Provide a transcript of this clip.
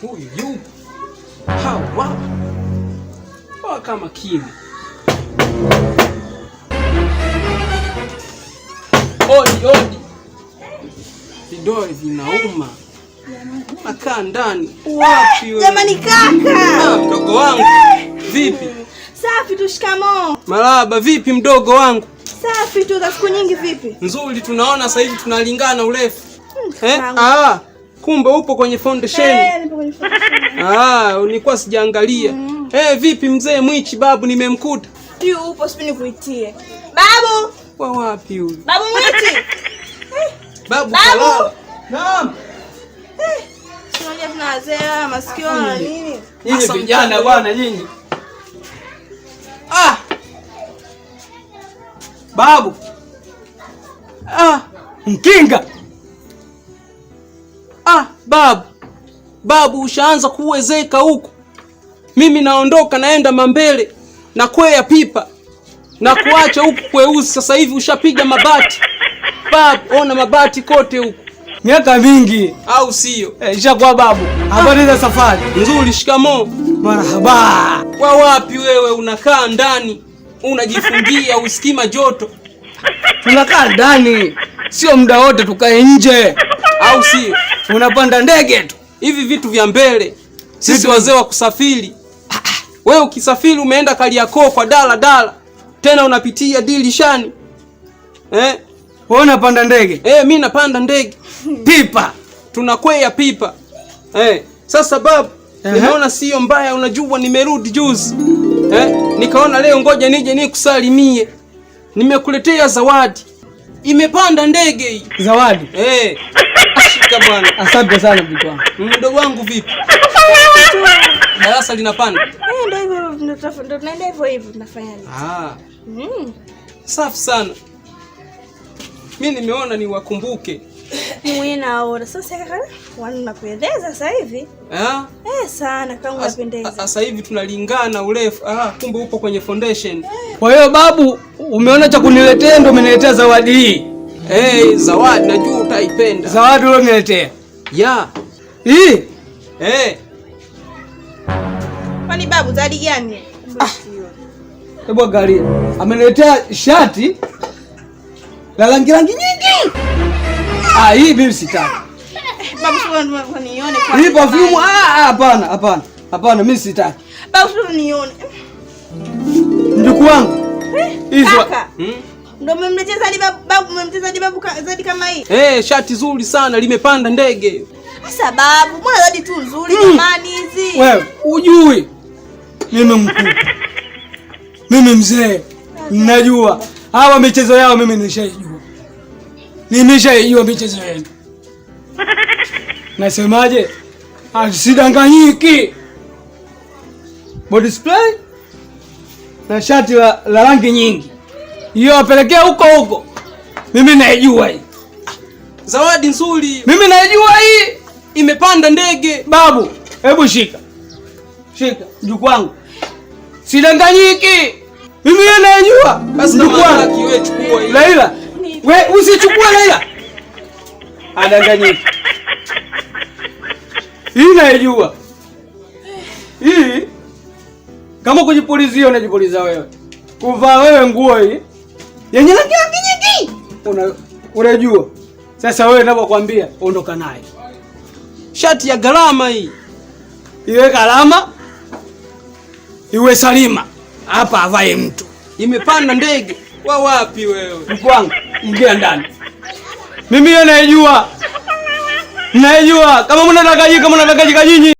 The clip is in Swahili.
huyu Hawa kama makini. Odi odi, vidole vinauma, Makaa ndani. Wapi wewe jamani? Kaka ah, mdogo wangu vipi? Safi tu, shikamoo. Marahaba, vipi mdogo wangu? Safi tu, za siku nyingi. Vipi? Nzuri, tunaona sasa hivi tunalingana urefu. Hmm, eh, ah Kumbe upo eh, kwenye foundation. Ah, nilikuwa sijaangalia. Mm. Eh, vipi mzee mwichi babu nimemkuta. Yu upo sipini kuitie. Babu, kwa wapi huyu? Babu mwichi. Eh, babu, babu. Naam. Tunalia eh, tunazea masikio na nini? Nyinyi vijana bwana nyinyi. Ah. Babu. Ah, mkinga babu, babu ushaanza kuwezeka huku, mimi naondoka naenda Mambele na kwea pipa na kuacha huku kweusi. Sasa hivi ushapiga mabati babu, ona mabati kote huku miaka mingi, au sio? Eh, ishakuwa babu. Habari za safari? Nzuri, Shikamo. Marahaba. Kwa wapi wewe unakaa ndani unajifungia usikima joto? Tunakaa ndani, sio muda wote tukae nje, au sio? unapanda ndege tu. Hivi vitu vya mbele sisi wazee wa kusafiri. Wewe ukisafiri umeenda Kariakoo kwa dala dala, tena unapitia dilishani eh? Wewe unapanda ndege eh? Mimi napanda ndege pipa, tunakwea pipa eh. Sasa babu uh -huh. Nimeona sio mbaya, unajua nimerudi juzi eh? Nikaona leo ngoja nije nikusalimie, nimekuletea zawadi, imepanda ndege hii zawadi eh. Umefika bwana. Asante sana mdogo wangu. Mm, mdogo wangu vipi? Darasa linapanda. Eh, ndio hivyo ndio tunaenda hivyo hivyo tunafanya. Ah. Mm. Safi sana. Mimi nimeona ni wakumbuke. Mwina ora. sasa sasa kaka wanakuendeza sasa hivi. Ah. Eh, sana kama unapendeza. Sasa hivi tunalingana urefu. Ah, kumbe upo kwenye foundation. Eh. Kwa hiyo babu, umeona cha kuniletea ndio umeniletea zawadi hii. Hey, zawadi najua utaipenda. Zawadi uloniletea. Ya. Hii. Eh. Kwani babu zawadi gani? Ah. Hebu angalia. Ameniletea shati la rangi rangi nyingi. Ah, hii mimi sitaki. Babu sio nione kwa. Hii perfume ah, ah, hapana, hapana. Hapana, mimi sitaki. Babu sio nione. Ndugu wangu. Hizo. Hmm? Ndio mmemletea babu, mmemletea babu Zadi kama hii. Eh, shati zuri sana limepanda ndege. babu, mbona Zadi tu nzuri hmm. jamani mm. hizi. Wewe ujui. Mimi mkuu. Mimi mzee. Najua hawa michezo yao mimi nishaijua. Nimeshaijua michezo yenu. Nasemaje? Asidanganyiki. Body spray na shati la rangi nyingi hiyo apelekea huko huko. Mimi naijua hii zawadi nzuri, mimi naijua hii imepanda ndege. Babu, hebu shika shika, mjukuu wangu, sidanganyiki mimi, yeye naijua. Basi Laila, wewe usichukue Laila, adanganyiki hii naijua hii, kama kujipulizia unajipuliza wewe, kuvaa wewe nguo hii yenye rangi rangi nyingi. Una unajua sasa wewe ninapokuambia ondoka naye. Shati ya gharama hii. Iwe gharama iwe salima. Hapa avae mtu. Imepanda ndege. Wa wapi wewe? Mkwangu, ingia ndani. Mimi naijua. Naijua kama mnataka kama mnataka nyinyi